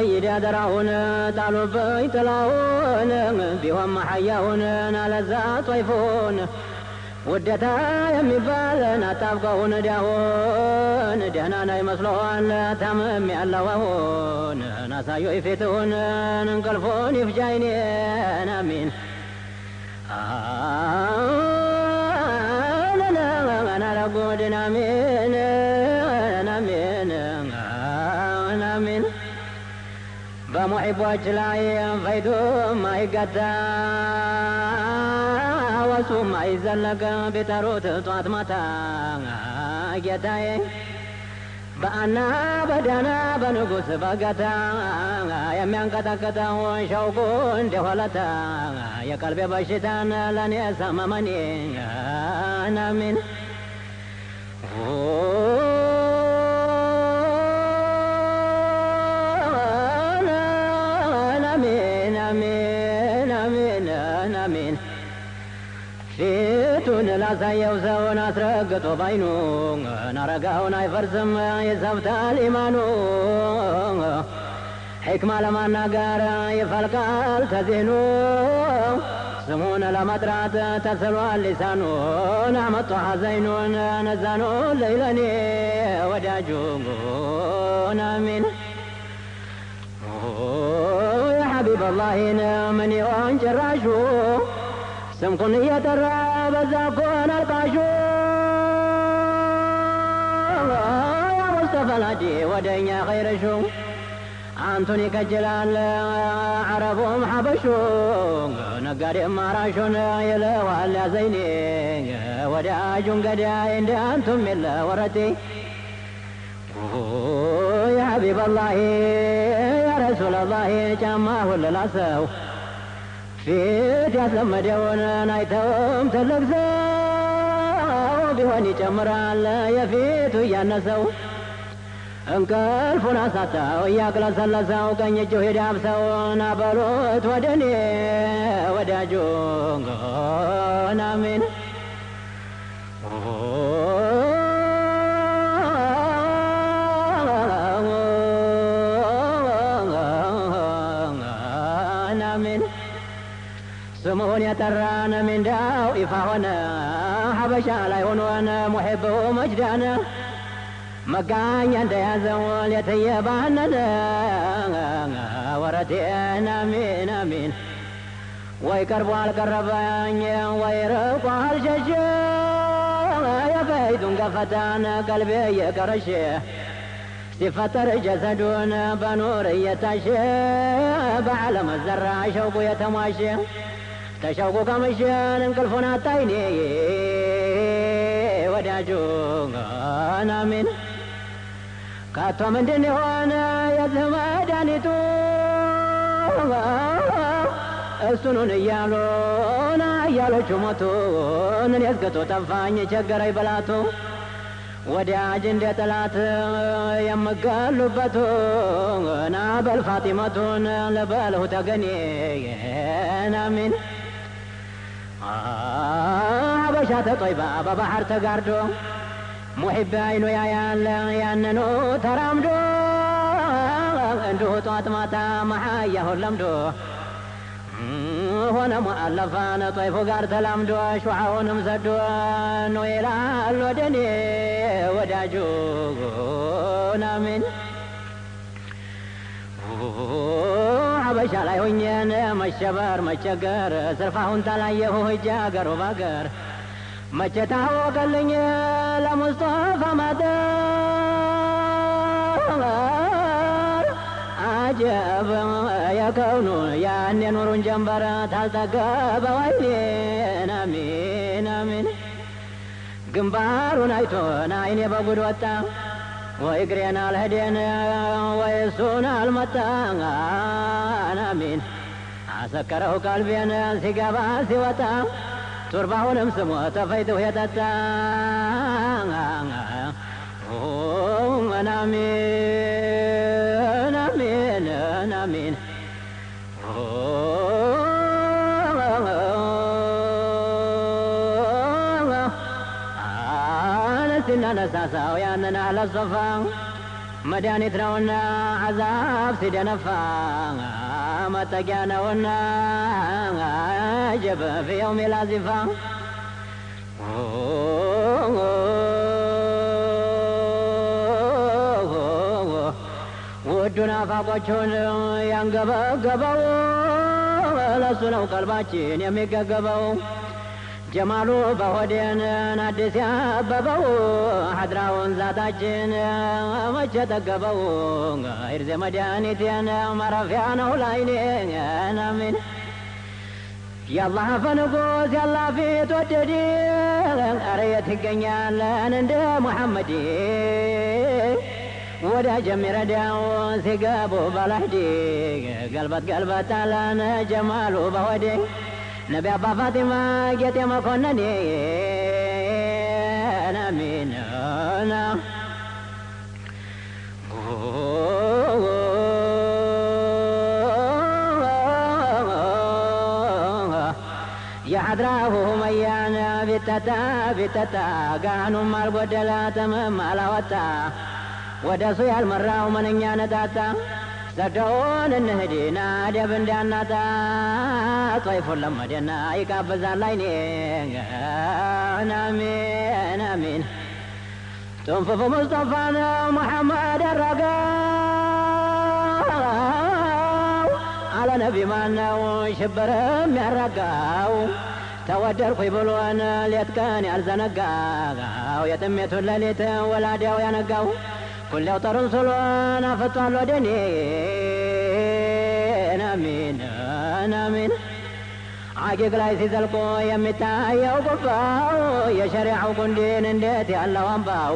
سيدي أدرعون دالو بيت لعون بهم حياون نالزا طيفون ودتا آية يمي بال نتابقون دهون دهنا ناي مسلوان تمام اللوهون ناسا يفتون ننقلفون يفجايني آه، نامين I'm in. آه، ከሙዒቦች ላይ ፈይዱ ማይገታ ወሱ ማይዘለቅ ቢጠሩት ጧት ማታ ጌታዬ በአና በዳና በንጉሥ በገታ የሚያንቀጠቅጠው ሸውቁ እንደሆለታ የቀልቤ በሽታን ለእኔ ሰመመኔ ናሚን ፊቱን ላሳየው ሰውን አስረግጦ ባይኑ አረጋውን አይፈርስም ይሰብታል ኢማኑ ሕክማ ለማናገር ይፈልቃል ተዜኑ ስሙን ለመጥራት ተስሏል ሊሳኑን አመጡ ሐዘይኑን ነዛኑን ለይለኔ ወዳጁን አሚን يا حبيب الله من يعون جراشه سمخني يا ترى بزاكون القاشو يا مصطفى الهدي ودنيا غير شو انتوني كجلال عربهم حبشو نقاري مراشون يلا ولا زيني ودا جنقدا عند انتم من ورتي يا حبيب الله يا رسول الله جماه للاسف ፊት ያስለመደውን አይተውም ትልቅ ሰው ቢሆን ይጨምራል የፊቱ እያነሰው እንቅልፉን አሳጣው እያቅለሰለሰው ቀኝ እጁ ሄዳ ብሰውን አበሎት ወደ ወዳጁ አሜን መሆን ያጠራን ሜንዳው ይፋ ሆነ ሀበሻ ላይ ሆኖን ሙሒበው መጅዳነ መጋኛ እንደያዘው ሌትየ ባህነነ ወረቴን አሚን አሚን ወይ ቀርቦ አልቀረበኝ ወይ ርቆ አልሸሸ የፈይቱን ገፈታን ቀልቤ እየቀረሸ ሲፈጠር ጀሰዱን በኑር እየታሸ በዓለም ዘራ ሸውቁ የተሟሸ ተሻውቆ ከመሸን እንቅልፉን አጣይኔ ወዳጆ ናሚን ከቶ ምንድን የሆነ የዚህ መድኃኒቱ እሱኑን እያሉና እያሎቹ ሞቱ እኔስ የዝገቶ ጠፋኝ ቸገረኝ ብላቱ ወዳጅ እንደ ጠላት የምገሉበቱ ና በል ፋጢመቱን ለበልሁ ተገኔ አሚን አበሻ ተጦይባ በባህር ተጋርዶ ሙሒቢ አይኑ ያያለ ያነኑ ተራምዶ እንዲሁ ጧት ማታ መሓያሁን ለምዶ ሆነ ሙአለፋነ ጦይፉ ጋር ተላምዶ ሸዓውንም ዘዶ ነው ይላል ወደኔ ወዳጁ ናምን ሀበሻ ላይ ሆኜን መሸበር መቸገር ስርፋሁን ታላየሁ እጅ አገር ባገር መቼ ታወቀልኝ ለሙስጦፋ ማጠር አጀብ የከውኑ ያኔ ኑሩን ጀንበር ታልጠገበ ወይኔን አሚን አሚን ግንባሩን አይቶን ናይኔ በጉድ ወጣ ወይ እግሬን አልሄደን ወይ እሱን አልመጣ አሚን አሰከረው ቀልቤን ሲገባ ሲወጣ ቱርባውንም ስሞ ተፈይቶ የጠጣ አሚን አሚን አሚን አነሲና ያንን አለሶፋ መድኃኒት ነውና አዛብ ሲደነፋ መጠጊያ ነውና ጀበፍ የውም ላዚፋ ውዱ ናፋቆቹን ያንገበገበው ለሱ ነው ቀልባችን የሚገገበው ጀማሉ በሆዴን አዲስ ያበበው ሀድራውን ዛታችን መቼ ጠገበው ይርዜ መድኃኒቴን ማረፊያ ነው ላይኔ አሚን የአላህ ፈንጉስ ያላ ፊት ወደድ ኧረ የት ይገኛለን እንደ ሙሐመድ ወዳጅ የሚረዳው ሲገቡ በላህዲ ገልበት ገልበት አለን ጀማሉ በሆዴ ነቢ አባ ፋቲማ ጌጤ መኮንን ናሚንና የሐድራሁ መያን ቢጠጣ ቢጠጣ ጋኑም አልጎደላትም አላወጣ ወደ እሱ ያልመራው ምንኛ ነጣጣ ዘግደውን እንሂድና ደብ እንዳናጣ ጦይፉን ለመደና ይጋብዛል አይኔ አሚን አሚን ትንፍፉ ሙስጠፋ ነው ሙሐመድ ያረጋው አለ ነቢ ማነው ሽብርም ያረጋው ተወደድኩኝ ብሎን ሌት ቀን ያልዘነጋው የጥሜቱን ሌሊት ወላዲያው ያነጋው ሁሌው ጠሩን ስሎን አፈጧል ወደኔ ናሚን ናሚን አቂቅ ላይ ሲዘልቆ የሚታየው ቁፋው የሸሪዓው ቁንዲን እንዴት ያለው አምባው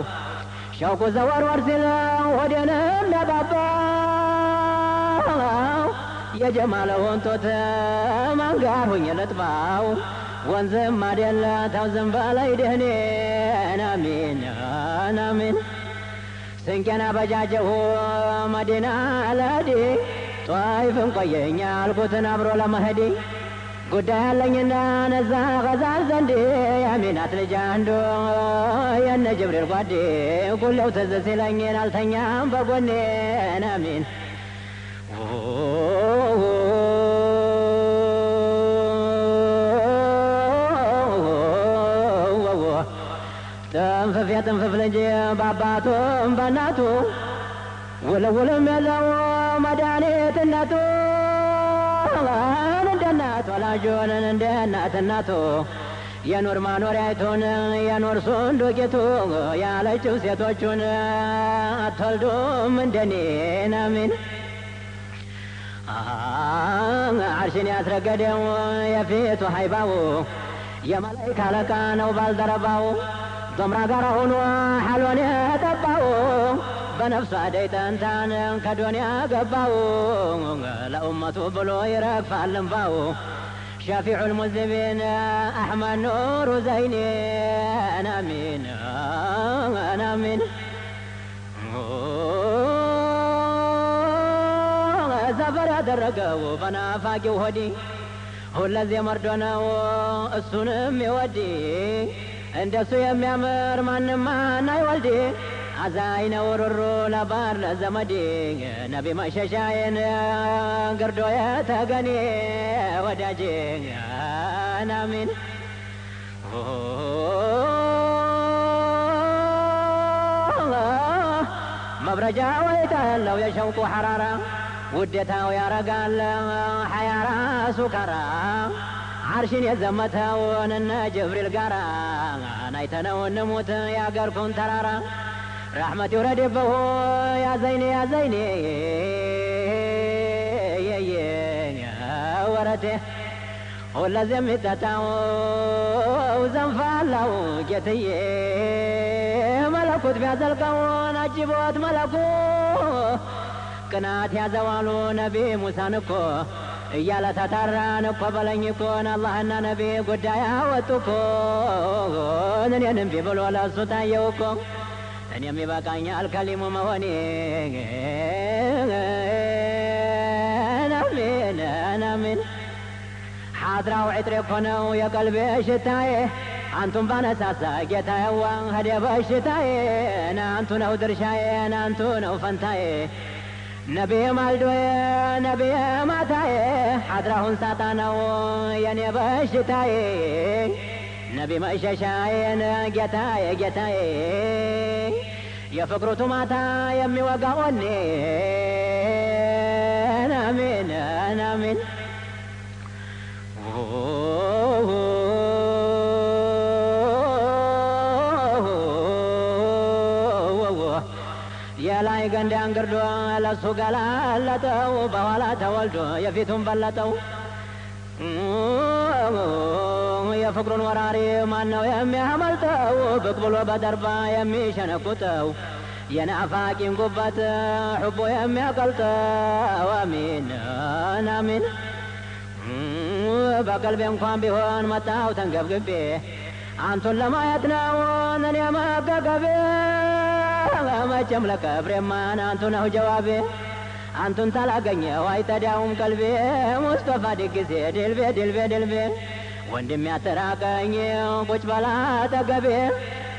ሸውቁ ዘወርወር ሲለው ሆዴንም ነባባው የጀማለ ወንጦት ማንጋር ሁኝ ልጥባው ወንዝም አደለ ተውዝም በላይ ደህኔ ናሚን ናሚን ስንቄን በጃጀሁ መዲና ለዲ ጧይፍን ቆየኝ አልኩትን አብሮ ለመሄድ ጉዳይ አለኝና ነዛ ከዛል ዘንድ የሚናት ልጅ አንዱ የነ ጅብሪል ጓዴ ጉሌው ትዝ ሲለኝን አልተኛም በጎኔ ነሚን ጥንፍፍ የጥንፍፍ ልጅ በአባቱም በእናቱ ውልውልም የለው መድኃኒት ነቱ እንደ እናት ወላጁን እንደ እናት እናቱ የኑር ማኖሪያይቱን የኖር ሱን ያለችው ሴቶቹን አትወልዱም እንደኔ ናሚን አርሽን ያስረገደው የፊቱ ሀይባው የመላይክ አለቃ ነው ባልደረባው ضمرا قرهن وحلون يتبعو بنفس عديت انت كدنيا قبعو لأمة بلو يرك فالنفعو شافع المذنبين أحمد نور زيني أنا مين أنا مين زفر درق وبنا فاقي وهدي هو الذي مردنا وأسنم يودي እንደሱ የሚያምር ማንም ማን አይወልዴ አዛይ ነው ሩሩ ለባር ለዘመዴ ነቢ መሸሻዬን ግርዶ የተገኔ ወዳጄ ናሚን መብረጃ ወይታ ያለው የሸውቁ ሐራራ ውዴታው ያረጋል ሐያራ ሱካራ አርሽን የዘመተውንና ጅብሪል ጋራ ናይተነውን ሙት ያገርኩን ተራራ ረሕመት በሆ ያዘይኔ ያዘይኔ ወረቴ ሁለዚ የሚጠጣው ዘንፋላው ጌትዬ መለኩት ቢያዘልቀውን አጅቦት መለኩ ቅናት ያዘዋሉ ነቢ ሙሳን እኮ እያለ ተጠራን እኮ በለኝ እኮን አላህና ነቢ ጉዳይ አወጡ እኮ እኔን እምቢ ብሎ ለሱ ታየው እኮ እኔም ይበቃኛል ከሊሙ መሆኔ አሚን አሚን ሐድራው ዕጥሬ እኮ ነው የቀልቤ ሽታዬ አንቱን ባነሳሳ ጌታዬዋ ሄደ በሽታዬ ናንቱ ነው ድርሻዬ ናንቱ ነው ፈንታዬ ነቢየ ማልዶዬ ነቢየ ማታዬ ሐድራሁን ሳጣናው የኔ በሽታየ ነቢ መሸሻዬን ጌታየ ጌታየ የፍቅሩቱ ማታ የሚወጋው እኔ ላይ ገንዳ እንግርዶ ለሱ ገላለጠው በኋላ ተወልዶ የፊቱን በለጠው። የፍቅሩን ወራሪ ማነው የሚያመልጠው? ብቅ ብሎ በደርባ የሚሸነቁጠው የናፋቂን ጉበት ሑቦ የሚያቀልጠው። አሚን አሚን በቀልቤ እንኳን ቢሆን መጣው ተንገብግቤ አንቱን ለማየት ነው እኔ መገገቤ በመቼም ለክብሬማ አንቱ ነው ጀዋቤ አንቱን ታላገኘው አይተዳውም ቀልቤ ሙስጠፋ ድግዜ ድልቤ ድልቤ ድልቤ ወንድም ያተራቀኝ ቁጭ በላ አጠገቤ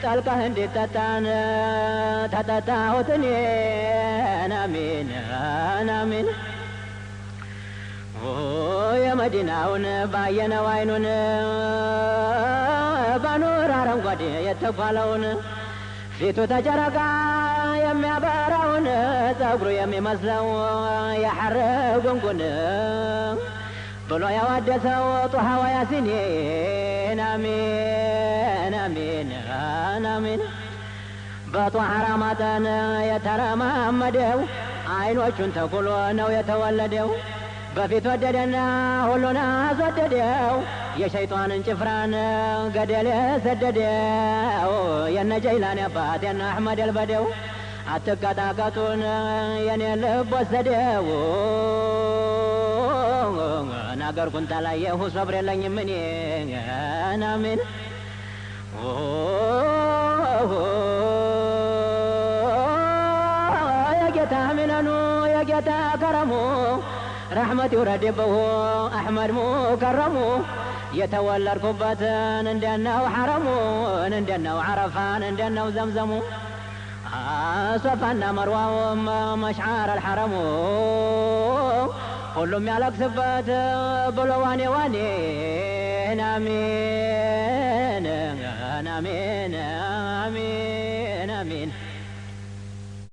ጠልቀህ እንዲጠጣን ተጠጣሁት እኔን አሚን የመዲናውን ባየነው አይኑን በኑር አረንጓዴ የተኳለውን ፊቱ ተጨረቃ የሚያበራውን ጸጉሩ የሚመስለው የሐር ጉንጉን ብሎ ያዋደሰው ጡሃዋ ያሲኔ አሚን አሚን አሚን በጧራ መጠን የተረማመደው አይኖቹን ተኩሎ ነው የተወለደው። በፊት ወደደና ሁሉን አስወደደው። የሸይጧንን ጭፍራን ገደል ሰደደው። ጀይላን አባቴና አሕመድ አልበደው አትቀጣቀጡን የኔ ልብ ወሰደው ነገር ኩንታ ላይ የሁ ሰብር የለኝም እኔ ናምን የጌታ ምነኑ የጌታ ከረሙ ረሕመት ይውረድብሁ አሕመድ ሙከረሙ የተወለድኩበትን እንደነው ሐረሙን እንደነው ዓረፋን እንደነው ዘምዘሙ ሶፋና መርዋውም መሽዓር አልሐረሙ ሁሉም ያለቅስበት ብሎ ዋኔ ዋኔ ናሜን ናሜን